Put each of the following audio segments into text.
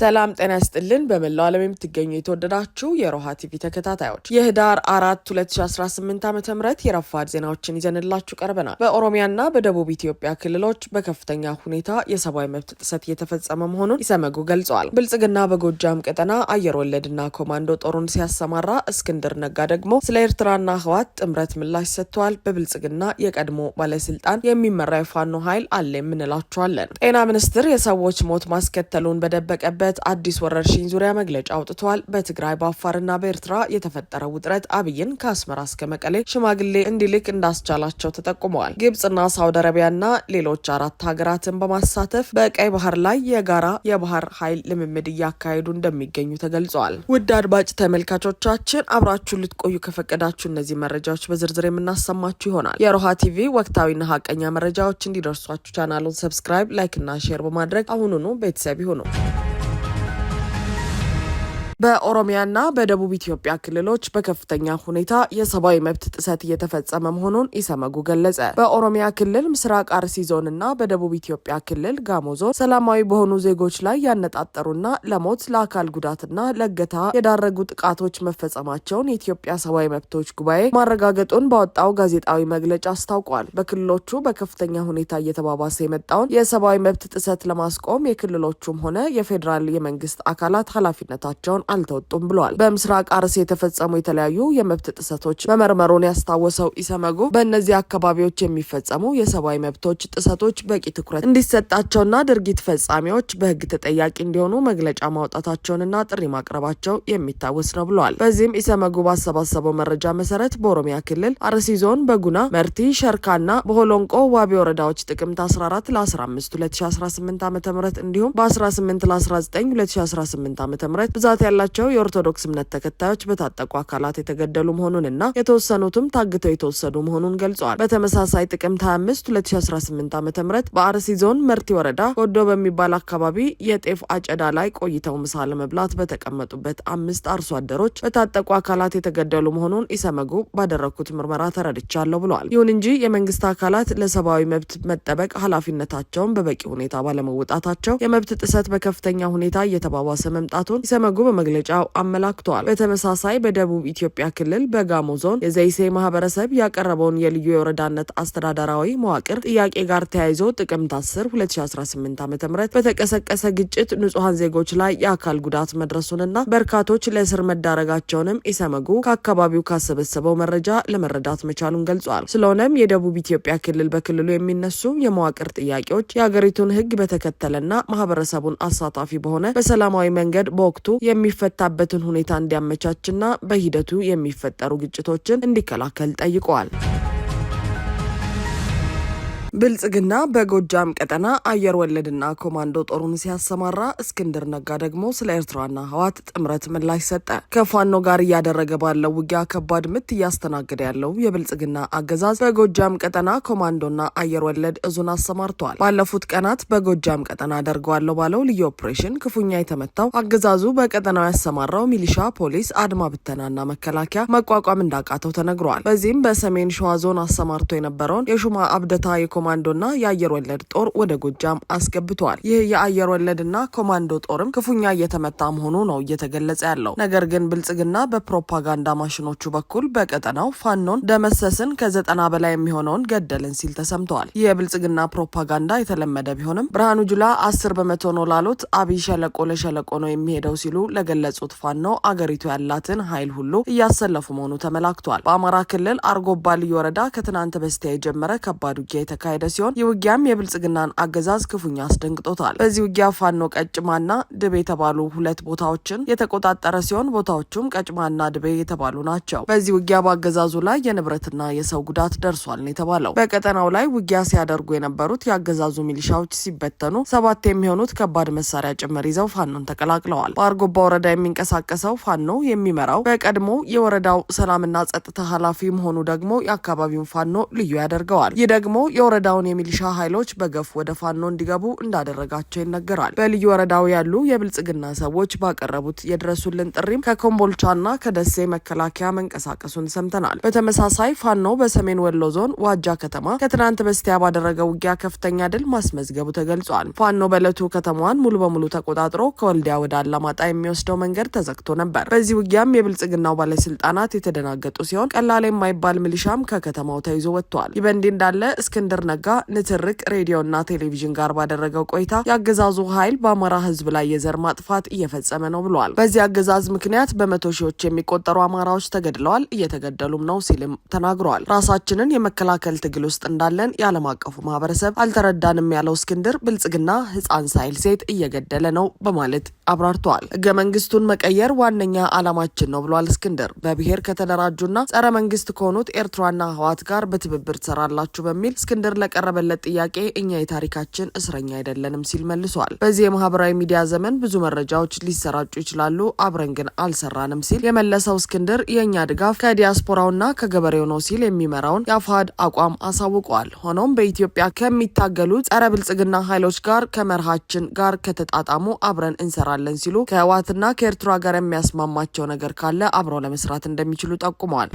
ሰላም ጤና ይስጥልን። በመላው ዓለም የምትገኙ የተወደዳችሁ የሮሃ ቲቪ ተከታታዮች የህዳር አራት 2018 ዓ ም የረፋድ ዜናዎችን ይዘንላችሁ ቀርበናል። በኦሮሚያና በደቡብ ኢትዮጵያ ክልሎች በከፍተኛ ሁኔታ የሰብአዊ መብት ጥሰት እየተፈጸመ መሆኑን ኢሰመጉ ገልጸዋል። ብልጽግና በጎጃም ቀጠና አየር ወለድና ኮማንዶ ጦሩን ሲያሰማራ፣ እስክንድር ነጋ ደግሞ ስለ ኤርትራና ህዋት ጥምረት ምላሽ ሰጥተዋል። በብልጽግና የቀድሞ ባለስልጣን የሚመራ የፋኖ ኃይል አለ የምንላችኋለን። ጤና ሚኒስቴር የሰዎች ሞት ማስከተሉን በደበቀበት በደረሰበት አዲስ ወረርሽኝ ዙሪያ መግለጫ አውጥተዋል። በትግራይ በአፋርና በኤርትራ የተፈጠረው ውጥረት አብይን ከአስመራ እስከ መቀሌ ሽማግሌ እንዲልክ እንዳስቻላቸው ተጠቁመዋል። ግብጽና ሳውዲ አረቢያና ሌሎች አራት ሀገራትን በማሳተፍ በቀይ ባህር ላይ የጋራ የባህር ኃይል ልምምድ እያካሄዱ እንደሚገኙ ተገልጿል። ውድ አድማጭ ተመልካቾቻችን አብራችሁን ልትቆዩ ከፈቀዳችሁ እነዚህ መረጃዎች በዝርዝር የምናሰማችሁ ይሆናል። የሮሃ ቲቪ ወቅታዊና ሀቀኛ መረጃዎች እንዲደርሷችሁ ቻናሉን ሰብስክራይብ፣ ላይክ ሼር በማድረግ አሁኑኑ ቤተሰብ ይሁኑ። በኦሮሚያና በደቡብ ኢትዮጵያ ክልሎች በከፍተኛ ሁኔታ የሰብአዊ መብት ጥሰት እየተፈጸመ መሆኑን ኢሰመጉ ገለጸ። በኦሮሚያ ክልል ምስራቅ አርሲ ዞን እና በደቡብ ኢትዮጵያ ክልል ጋሞ ዞን ሰላማዊ በሆኑ ዜጎች ላይ ያነጣጠሩና ለሞት ለአካል ጉዳትና ለእገታ የዳረጉ ጥቃቶች መፈጸማቸውን የኢትዮጵያ ሰብአዊ መብቶች ጉባኤ ማረጋገጡን ባወጣው ጋዜጣዊ መግለጫ አስታውቋል። በክልሎቹ በከፍተኛ ሁኔታ እየተባባሰ የመጣውን የሰብአዊ መብት ጥሰት ለማስቆም የክልሎቹም ሆነ የፌዴራል የመንግስት አካላት ኃላፊነታቸውን አልተወጡም ብለዋል። በምስራቅ አርሲ የተፈጸሙ የተለያዩ የመብት ጥሰቶች መመርመሩን ያስታወሰው ኢሰመጉ በእነዚህ አካባቢዎች የሚፈጸሙ የሰብአዊ መብቶች ጥሰቶች በቂ ትኩረት እንዲሰጣቸውና ድርጊት ፈጻሚዎች በህግ ተጠያቂ እንዲሆኑ መግለጫ ማውጣታቸውንና ጥሪ ማቅረባቸው የሚታወስ ነው ብለዋል። በዚህም ኢሰመጉ ባሰባሰበው መረጃ መሰረት በኦሮሚያ ክልል አርሲ ዞን በጉና መርቲ፣ ሸርካና በሆሎንቆ ዋቢ ወረዳዎች ጥቅምት 14 ለ15 2018 ዓ ም እንዲሁም በ18 ለ19 2018 ዓ ም ብዛት ያለ ያላቸው የኦርቶዶክስ እምነት ተከታዮች በታጠቁ አካላት የተገደሉ መሆኑንና የተወሰኑትም ታግተው የተወሰዱ መሆኑን ገልጸዋል። በተመሳሳይ ጥቅምት 25 2018 ዓ ም በአርሲ ዞን መርቲ ወረዳ ጎዶ በሚባል አካባቢ የጤፍ አጨዳ ላይ ቆይተው ምሳ ለመብላት በተቀመጡበት አምስት አርሶ አደሮች በታጠቁ አካላት የተገደሉ መሆኑን ኢሰመጉ ባደረግኩት ምርመራ ተረድቻለሁ ብለዋል። ይሁን እንጂ የመንግስት አካላት ለሰብአዊ መብት መጠበቅ ኃላፊነታቸውን በበቂ ሁኔታ ባለመወጣታቸው የመብት ጥሰት በከፍተኛ ሁኔታ እየተባባሰ መምጣቱን ኢሰመጉ መግለጫው አመላክቷል። በተመሳሳይ በደቡብ ኢትዮጵያ ክልል በጋሞ ዞን የዘይሴ ማህበረሰብ ያቀረበውን የልዩ የወረዳነት አስተዳደራዊ መዋቅር ጥያቄ ጋር ተያይዞ ጥቅምት 10 2018 ዓ ም በተቀሰቀሰ ግጭት ንጹሐን ዜጎች ላይ የአካል ጉዳት መድረሱንና በርካቶች ለእስር መዳረጋቸውንም ኢሰመጉ ከአካባቢው ካሰበሰበው መረጃ ለመረዳት መቻሉን ገልጿል። ስለሆነም የደቡብ ኢትዮጵያ ክልል በክልሉ የሚነሱ የመዋቅር ጥያቄዎች የአገሪቱን ህግ በተከተለና ማህበረሰቡን አሳታፊ በሆነ በሰላማዊ መንገድ በወቅቱ የሚ የሚፈታበትን ሁኔታ እንዲያመቻችና በሂደቱ የሚፈጠሩ ግጭቶችን እንዲከላከል ጠይቀዋል። ብልጽግና በጎጃም ቀጠና አየር ወለድና ኮማንዶ ጦሩን ሲያሰማራ እስክንድር ነጋ ደግሞ ስለ ኤርትራና ህዋት ጥምረት ምላሽ ሰጠ። ከፋኖ ጋር እያደረገ ባለው ውጊያ ከባድ ምት እያስተናገደ ያለው የብልጽግና አገዛዝ በጎጃም ቀጠና ኮማንዶና አየር ወለድ እዙን አሰማርተዋል። ባለፉት ቀናት በጎጃም ቀጠና አደርገዋለሁ ባለው ልዩ ኦፕሬሽን ክፉኛ የተመታው አገዛዙ በቀጠናው ያሰማራው ሚሊሻ፣ ፖሊስ፣ አድማ ብተናና መከላከያ መቋቋም እንዳቃተው ተነግሯል። በዚህም በሰሜን ሸዋ ዞን አሰማርቶ የነበረውን የሹማ አብደታ የኮማ ኮማንዶና የአየር ወለድ ጦር ወደ ጎጃም አስገብተዋል። ይህ የአየር ወለድና ኮማንዶ ጦርም ክፉኛ እየተመታ መሆኑ ነው እየተገለጸ ያለው። ነገር ግን ብልጽግና በፕሮፓጋንዳ ማሽኖቹ በኩል በቀጠናው ፋኖን ደመሰስን፣ ከዘጠና በላይ የሚሆነውን ገደልን ሲል ተሰምተዋል። ይህ የብልጽግና ፕሮፓጋንዳ የተለመደ ቢሆንም ብርሃኑ ጁላ አስር በመቶ ነው ላሉት አብይ ሸለቆ ለሸለቆ ነው የሚሄደው ሲሉ ለገለጹት ፋኖ አገሪቱ ያላትን ኃይል ሁሉ እያሰለፉ መሆኑ ተመላክቷል። በአማራ ክልል አርጎባ ልዩ ወረዳ ከትናንት በስቲያ የጀመረ ከባድ ውጊያ የተከ የተካሄደ ሲሆን ይህ ውጊያም የብልጽግናን አገዛዝ ክፉኛ አስደንግጦታል። በዚህ ውጊያ ፋኖ ቀጭማና ድቤ የተባሉ ሁለት ቦታዎችን የተቆጣጠረ ሲሆን ቦታዎቹም ቀጭማና ድቤ የተባሉ ናቸው። በዚህ ውጊያ በአገዛዙ ላይ የንብረትና የሰው ጉዳት ደርሷል ነው የተባለው። በቀጠናው ላይ ውጊያ ሲያደርጉ የነበሩት የአገዛዙ ሚሊሻዎች ሲበተኑ ሰባት የሚሆኑት ከባድ መሳሪያ ጭምር ይዘው ፋኖን ተቀላቅለዋል። በአርጎባ ወረዳ የሚንቀሳቀሰው ፋኖ የሚመራው በቀድሞ የወረዳው ሰላምና ጸጥታ ኃላፊ መሆኑ ደግሞ የአካባቢውን ፋኖ ልዩ ያደርገዋል። ይህ ደግሞ የወረ ወረዳውን የሚሊሻ ኃይሎች በገፍ ወደ ፋኖ እንዲገቡ እንዳደረጋቸው ይነገራል። በልዩ ወረዳው ያሉ የብልጽግና ሰዎች ባቀረቡት የድረሱልን ጥሪም ከኮምቦልቻና ከደሴ መከላከያ መንቀሳቀሱን ሰምተናል። በተመሳሳይ ፋኖ በሰሜን ወሎ ዞን ዋጃ ከተማ ከትናንት በስቲያ ባደረገ ውጊያ ከፍተኛ ድል ማስመዝገቡ ተገልጿል። ፋኖ በዕለቱ ከተማዋን ሙሉ በሙሉ ተቆጣጥሮ ከወልዲያ ወደ አላማጣ የሚወስደው መንገድ ተዘግቶ ነበር። በዚህ ውጊያም የብልጽግናው ባለስልጣናት የተደናገጡ ሲሆን ቀላል የማይባል ሚሊሻም ከከተማው ተይዞ ወጥቷል። ይህ በእንዲህ እንዳለ እስክንድር ነጋ ንትርክ ሬዲዮና ቴሌቪዥን ጋር ባደረገው ቆይታ የአገዛዙ ኃይል በአማራ ሕዝብ ላይ የዘር ማጥፋት እየፈጸመ ነው ብለዋል። በዚህ አገዛዝ ምክንያት በመቶ ሺዎች የሚቆጠሩ አማራዎች ተገድለዋል፣ እየተገደሉም ነው ሲልም ተናግረዋል። ራሳችንን የመከላከል ትግል ውስጥ እንዳለን የዓለም አቀፉ ማህበረሰብ አልተረዳንም ያለው እስክንድር ብልጽግና ህፃን ሳይል ሴት እየገደለ ነው በማለት አብራርተዋል። ህገ መንግስቱን መቀየር ዋነኛ ዓላማችን ነው ብሏል እስክንድር በብሔር ከተደራጁና ጸረ መንግስት ከሆኑት ኤርትራና ህዋት ጋር በትብብር ትሰራላችሁ በሚል እስክንድር ለቀረበለት ጥያቄ እኛ የታሪካችን እስረኛ አይደለንም ሲል መልሷል። በዚህ የማህበራዊ ሚዲያ ዘመን ብዙ መረጃዎች ሊሰራጩ ይችላሉ፣ አብረን ግን አልሰራንም ሲል የመለሰው እስክንድር የእኛ ድጋፍ ከዲያስፖራውና ከገበሬው ነው ሲል የሚመራውን የአፋሕድ አቋም አሳውቋል። ሆኖም በኢትዮጵያ ከሚታገሉ ጸረ ብልጽግና ኃይሎች ጋር ከመርሃችን ጋር ከተጣጣሙ አብረን እንሰራለን ሲሉ ከህወሓትና ከኤርትራ ጋር የሚያስማማቸው ነገር ካለ አብረው ለመስራት እንደሚችሉ ጠቁመዋል።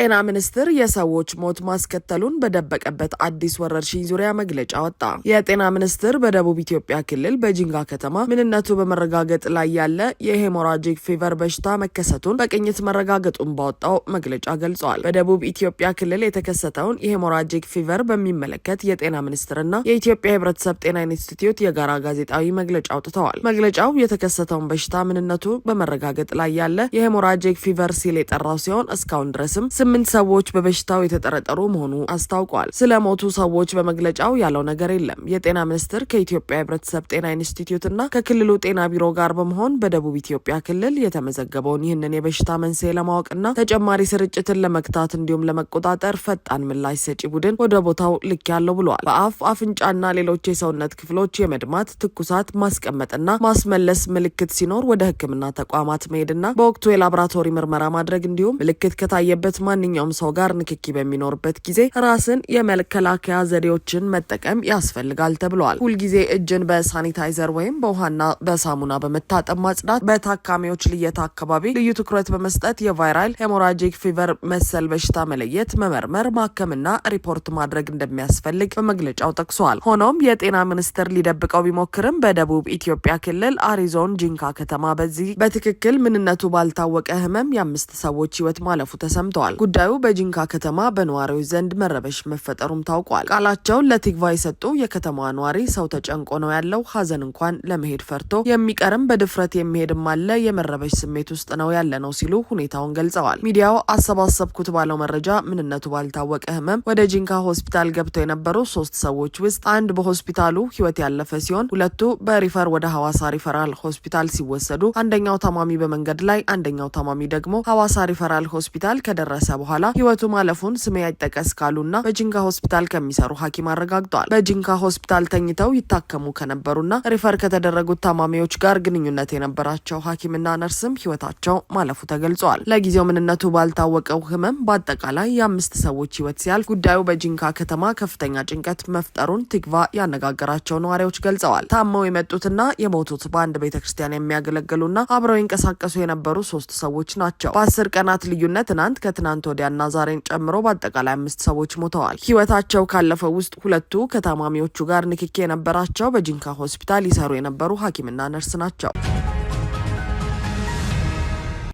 ጤና ሚኒስቴር የሰዎች ሞት ማስከተሉን በደበቀበት አዲስ ወረርሽኝ ዙሪያ መግለጫ ወጣ። የጤና ሚኒስቴር በደቡብ ኢትዮጵያ ክልል በጂንጋ ከተማ ምንነቱ በመረጋገጥ ላይ ያለ የሄሞራጂክ ፊቨር በሽታ መከሰቱን በቅኝት መረጋገጡን ባወጣው መግለጫ ገልጿል። በደቡብ ኢትዮጵያ ክልል የተከሰተውን የሄሞራጂክ ፊቨር በሚመለከት የጤና ሚኒስቴርና የኢትዮጵያ የህብረተሰብ ጤና ኢንስቲትዩት የጋራ ጋዜጣዊ መግለጫ አውጥተዋል። መግለጫው የተከሰተውን በሽታ ምንነቱ በመረጋገጥ ላይ ያለ የሄሞራጂክ ፊቨር ሲል የጠራው ሲሆን እስካሁን ድረስም ስምንት ሰዎች በበሽታው የተጠረጠሩ መሆኑ አስታውቋል። ስለ ሞቱ ሰዎች በመግለጫው ያለው ነገር የለም። የጤና ሚኒስቴር ከኢትዮጵያ ህብረተሰብ ጤና ኢንስቲትዩት እና ከክልሉ ጤና ቢሮ ጋር በመሆን በደቡብ ኢትዮጵያ ክልል የተመዘገበውን ይህንን የበሽታ መንስኤ ለማወቅና ተጨማሪ ስርጭትን ለመግታት እንዲሁም ለመቆጣጠር ፈጣን ምላሽ ሰጪ ቡድን ወደ ቦታው ልክ ያለው ብለዋል። በአፍ አፍንጫና ሌሎች የሰውነት ክፍሎች የመድማት፣ ትኩሳት፣ ማስቀመጥና ማስመለስ ምልክት ሲኖር ወደ ሕክምና ተቋማት መሄድና በወቅቱ የላቦራቶሪ ምርመራ ማድረግ እንዲሁም ምልክት ከታየበት ከማንኛውም ሰው ጋር ንክኪ በሚኖርበት ጊዜ ራስን የመከላከያ ዘዴዎችን መጠቀም ያስፈልጋል ተብለዋል። ሁልጊዜ እጅን በሳኒታይዘር ወይም በውሃና በሳሙና በመታጠብ ማጽዳት፣ በታካሚዎች ልየታ አካባቢ ልዩ ትኩረት በመስጠት የቫይራል ሄሞራጂክ ፊቨር መሰል በሽታ መለየት፣ መመርመር፣ ማከምና ሪፖርት ማድረግ እንደሚያስፈልግ በመግለጫው ጠቅሷል። ሆኖም የጤና ሚኒስቴር ሊደብቀው ቢሞክርም በደቡብ ኢትዮጵያ ክልል አሪዞን ጂንካ ከተማ በዚህ በትክክል ምንነቱ ባልታወቀ ህመም የአምስት ሰዎች ህይወት ማለፉ ተሰምተዋል። ጉዳዩ በጂንካ ከተማ በነዋሪዎች ዘንድ መረበሽ መፈጠሩም ታውቋል። ቃላቸውን ለቲግቫ የሰጡ የከተማዋ ነዋሪ ሰው ተጨንቆ ነው ያለው፣ ሀዘን እንኳን ለመሄድ ፈርቶ የሚቀርም በድፍረት የሚሄድም አለ፣ የመረበሽ ስሜት ውስጥ ነው ያለ ነው ሲሉ ሁኔታውን ገልጸዋል። ሚዲያው አሰባሰብኩት ባለው መረጃ ምንነቱ ባልታወቀ ህመም ወደ ጂንካ ሆስፒታል ገብተው የነበሩ ሶስት ሰዎች ውስጥ አንድ በሆስፒታሉ ህይወት ያለፈ ሲሆን ሁለቱ በሪፈር ወደ ሐዋሳ ሪፈራል ሆስፒታል ሲወሰዱ አንደኛው ታማሚ በመንገድ ላይ አንደኛው ታማሚ ደግሞ ሐዋሳ ሪፈራል ሆስፒታል ከደረሰ በኋላ ህይወቱ ማለፉን ስሜ አይጠቀስ ካሉና በጂንካ ሆስፒታል ከሚሰሩ ሐኪም አረጋግጠዋል። በጂንካ ሆስፒታል ተኝተው ይታከሙ ከነበሩና ሪፈር ከተደረጉት ታማሚዎች ጋር ግንኙነት የነበራቸው ሐኪምና ነርስም ህይወታቸው ማለፉ ተገልጿል። ለጊዜው ምንነቱ ባልታወቀው ህመም በአጠቃላይ የአምስት ሰዎች ህይወት ሲያልፍ ጉዳዩ በጂንካ ከተማ ከፍተኛ ጭንቀት መፍጠሩን ትግቫ ያነጋገራቸው ነዋሪዎች ገልጸዋል። ታመው የመጡትና የሞቱት በአንድ ቤተ ክርስቲያን የሚያገለግሉና አብረው ይንቀሳቀሱ የነበሩ ሶስት ሰዎች ናቸው። በአስር ቀናት ልዩነት ትናንት ከትናንት ከትናንት ወዲያና ዛሬን ጨምሮ በአጠቃላይ አምስት ሰዎች ሞተዋል። ህይወታቸው ካለፈው ውስጥ ሁለቱ ከታማሚዎቹ ጋር ንክኪ የነበራቸው በጂንካ ሆስፒታል ይሰሩ የነበሩ ሐኪምና ነርስ ናቸው።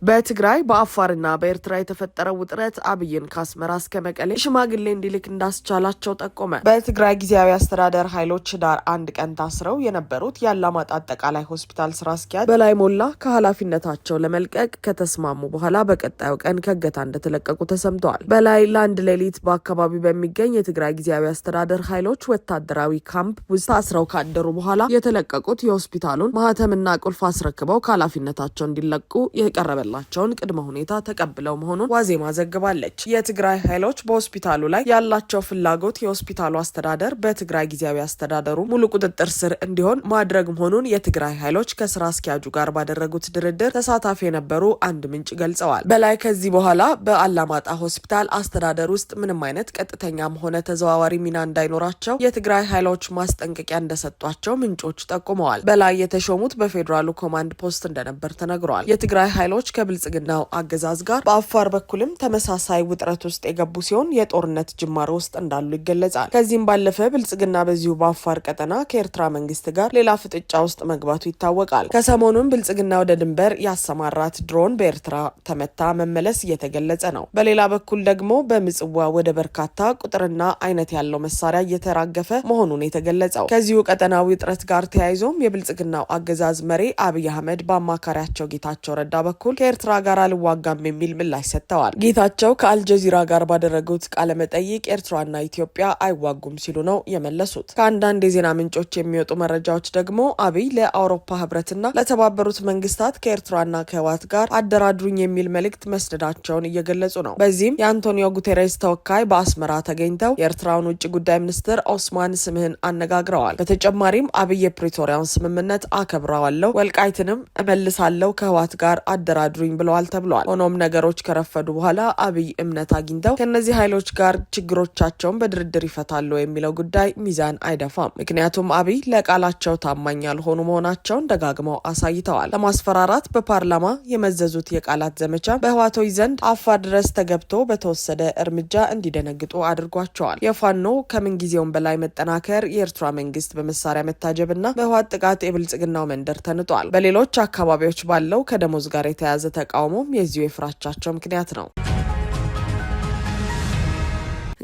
በትግራይ በአፋርና በኤርትራ የተፈጠረው ውጥረት አብይን ከአስመራ እስከ መቀሌ ሽማግሌ እንዲልክ እንዳስቻላቸው ጠቆመ። በትግራይ ጊዜያዊ አስተዳደር ኃይሎች ህዳር አንድ ቀን ታስረው የነበሩት የአላማጣ አጠቃላይ ሆስፒታል ስራ አስኪያጅ በላይ ሞላ ከኃላፊነታቸው ለመልቀቅ ከተስማሙ በኋላ በቀጣዩ ቀን ከእገታ እንደተለቀቁ ተሰምተዋል። በላይ ለአንድ ሌሊት በአካባቢው በሚገኝ የትግራይ ጊዜያዊ አስተዳደር ኃይሎች ወታደራዊ ካምፕ ውስጥ ታስረው ካደሩ በኋላ የተለቀቁት የሆስፒታሉን ማህተምና ቁልፍ አስረክበው ከኃላፊነታቸው እንዲለቁ የቀረበ ያላቸውን ቅድመ ሁኔታ ተቀብለው መሆኑን ዋዜማ ዘግባለች። የትግራይ ኃይሎች በሆስፒታሉ ላይ ያላቸው ፍላጎት የሆስፒታሉ አስተዳደር በትግራይ ጊዜያዊ አስተዳደሩ ሙሉ ቁጥጥር ስር እንዲሆን ማድረግ መሆኑን የትግራይ ኃይሎች ከስራ አስኪያጁ ጋር ባደረጉት ድርድር ተሳታፊ የነበሩ አንድ ምንጭ ገልጸዋል። በላይ ከዚህ በኋላ በአላማጣ ሆስፒታል አስተዳደር ውስጥ ምንም አይነት ቀጥተኛም ሆነ ተዘዋዋሪ ሚና እንዳይኖራቸው የትግራይ ኃይሎች ማስጠንቀቂያ እንደሰጧቸው ምንጮች ጠቁመዋል። በላይ የተሾሙት በፌዴራሉ ኮማንድ ፖስት እንደነበር ተነግሯል። የትግራይ ኃይሎች ከብልጽግናው አገዛዝ ጋር በአፋር በኩልም ተመሳሳይ ውጥረት ውስጥ የገቡ ሲሆን የጦርነት ጅማሮ ውስጥ እንዳሉ ይገለጻል። ከዚህም ባለፈ ብልጽግና በዚሁ በአፋር ቀጠና ከኤርትራ መንግስት ጋር ሌላ ፍጥጫ ውስጥ መግባቱ ይታወቃል። ከሰሞኑም ብልጽግና ወደ ድንበር ያሰማራት ድሮን በኤርትራ ተመታ መመለስ እየተገለጸ ነው። በሌላ በኩል ደግሞ በምጽዋ ወደ በርካታ ቁጥርና አይነት ያለው መሳሪያ እየተራገፈ መሆኑን የተገለጸው ከዚሁ ቀጠናዊ ውጥረት ጋር ተያይዞም የብልጽግናው አገዛዝ መሪ አብይ አህመድ በአማካሪያቸው ጌታቸው ረዳ በኩል ከኤርትራ ጋር አልዋጋም የሚል ምላሽ ሰጥተዋል። ጌታቸው ከአልጀዚራ ጋር ባደረጉት ቃለመጠይቅ ኤርትራና ኢትዮጵያ አይዋጉም ሲሉ ነው የመለሱት። ከአንዳንድ የዜና ምንጮች የሚወጡ መረጃዎች ደግሞ አብይ ለአውሮፓ ህብረትና ለተባበሩት መንግስታት ከኤርትራና ከህወሓት ጋር አደራድሩኝ የሚል መልእክት መስደዳቸውን እየገለጹ ነው። በዚህም የአንቶኒዮ ጉቴሬስ ተወካይ በአስመራ ተገኝተው የኤርትራውን ውጭ ጉዳይ ሚኒስትር ኦስማን ስምህን አነጋግረዋል። በተጨማሪም አብይ የፕሪቶሪያውን ስምምነት አከብረዋለሁ፣ ወልቃይትንም እመልሳለሁ፣ ከህወሓት ጋር አደራድሩ አድሩኝ ብለዋል ተብለዋል። ሆኖም ነገሮች ከረፈዱ በኋላ አብይ እምነት አግኝተው ከእነዚህ ኃይሎች ጋር ችግሮቻቸውን በድርድር ይፈታሉ የሚለው ጉዳይ ሚዛን አይደፋም። ምክንያቱም አብይ ለቃላቸው ታማኝ ያልሆኑ መሆናቸውን ደጋግመው አሳይተዋል። ለማስፈራራት በፓርላማ የመዘዙት የቃላት ዘመቻ በህዋቶች ዘንድ አፋር ድረስ ተገብቶ በተወሰደ እርምጃ እንዲደነግጡ አድርጓቸዋል። የፋኖ ከምንጊዜውም በላይ መጠናከር የኤርትራ መንግስት በመሳሪያ መታጀብና በህዋት ጥቃት የብልጽግናው መንደር ተንጧል። በሌሎች አካባቢዎች ባለው ከደሞዝ ጋር የተያያዘ የተያዘ ተቃውሞም የዚሁ የፍራቻቸው ምክንያት ነው።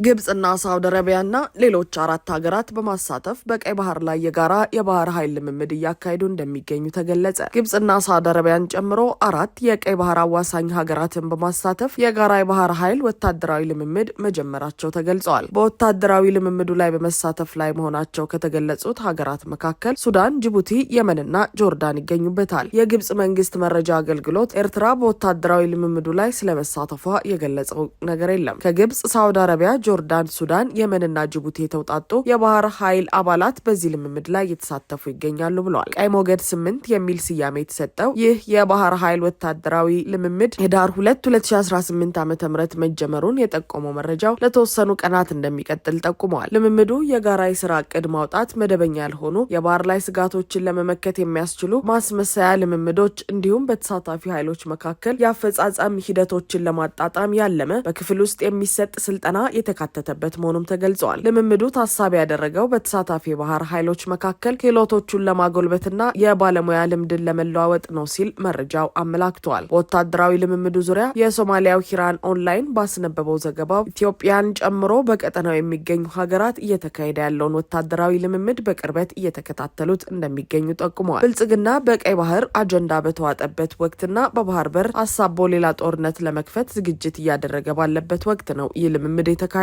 ግብጽና ሳውዲ አረቢያና ሌሎች አራት ሀገራት በማሳተፍ በቀይ ባህር ላይ የጋራ የባህር ኃይል ልምምድ እያካሄዱ እንደሚገኙ ተገለጸ። ግብፅና ሳውዲ አረቢያን ጨምሮ አራት የቀይ ባህር አዋሳኝ ሀገራትን በማሳተፍ የጋራ የባህር ኃይል ወታደራዊ ልምምድ መጀመራቸው ተገልጸዋል። በወታደራዊ ልምምዱ ላይ በመሳተፍ ላይ መሆናቸው ከተገለጹት ሀገራት መካከል ሱዳን፣ ጅቡቲ፣ የመንና ጆርዳን ይገኙበታል። የግብፅ መንግስት መረጃ አገልግሎት ኤርትራ በወታደራዊ ልምምዱ ላይ ስለመሳተፏ የገለጸው ነገር የለም። ከግብፅ ሳውዲ አረቢያ ከጆርዳን፣ ሱዳን፣ የመንና ጅቡቲ የተውጣጡ የባህር ኃይል አባላት በዚህ ልምምድ ላይ እየተሳተፉ ይገኛሉ ብለዋል። ቀይ ሞገድ ስምንት የሚል ስያሜ የተሰጠው ይህ የባህር ኃይል ወታደራዊ ልምምድ ህዳር ሁለት ሁለት ሺ አስራ ስምንት ዓመተ ምህረት መጀመሩን የጠቆመው መረጃው ለተወሰኑ ቀናት እንደሚቀጥል ጠቁመዋል። ልምምዱ የጋራ የስራ እቅድ ማውጣት፣ መደበኛ ያልሆኑ የባህር ላይ ስጋቶችን ለመመከት የሚያስችሉ ማስመሰያ ልምምዶች እንዲሁም በተሳታፊ ኃይሎች መካከል የአፈጻጸም ሂደቶችን ለማጣጣም ያለመ በክፍል ውስጥ የሚሰጥ ስልጠና የተ የተካተተበት መሆኑም ተገልጿል። ልምምዱ ታሳቢ ያደረገው በተሳታፊ የባህር ኃይሎች መካከል ክህሎቶቹን ለማጎልበትና የባለሙያ ልምድን ለመለዋወጥ ነው ሲል መረጃው አመላክቷል። በወታደራዊ ልምምዱ ዙሪያ የሶማሊያው ሂራን ኦንላይን ባስነበበው ዘገባው ኢትዮጵያን ጨምሮ በቀጠናው የሚገኙ ሀገራት እየተካሄደ ያለውን ወታደራዊ ልምምድ በቅርበት እየተከታተሉት እንደሚገኙ ጠቁመዋል። ብልጽግና በቀይ ባህር አጀንዳ በተዋጠበት ወቅትና በባህር በር አሳቦ ሌላ ጦርነት ለመክፈት ዝግጅት እያደረገ ባለበት ወቅት ነው ይህ ልምምድ የተካሄደ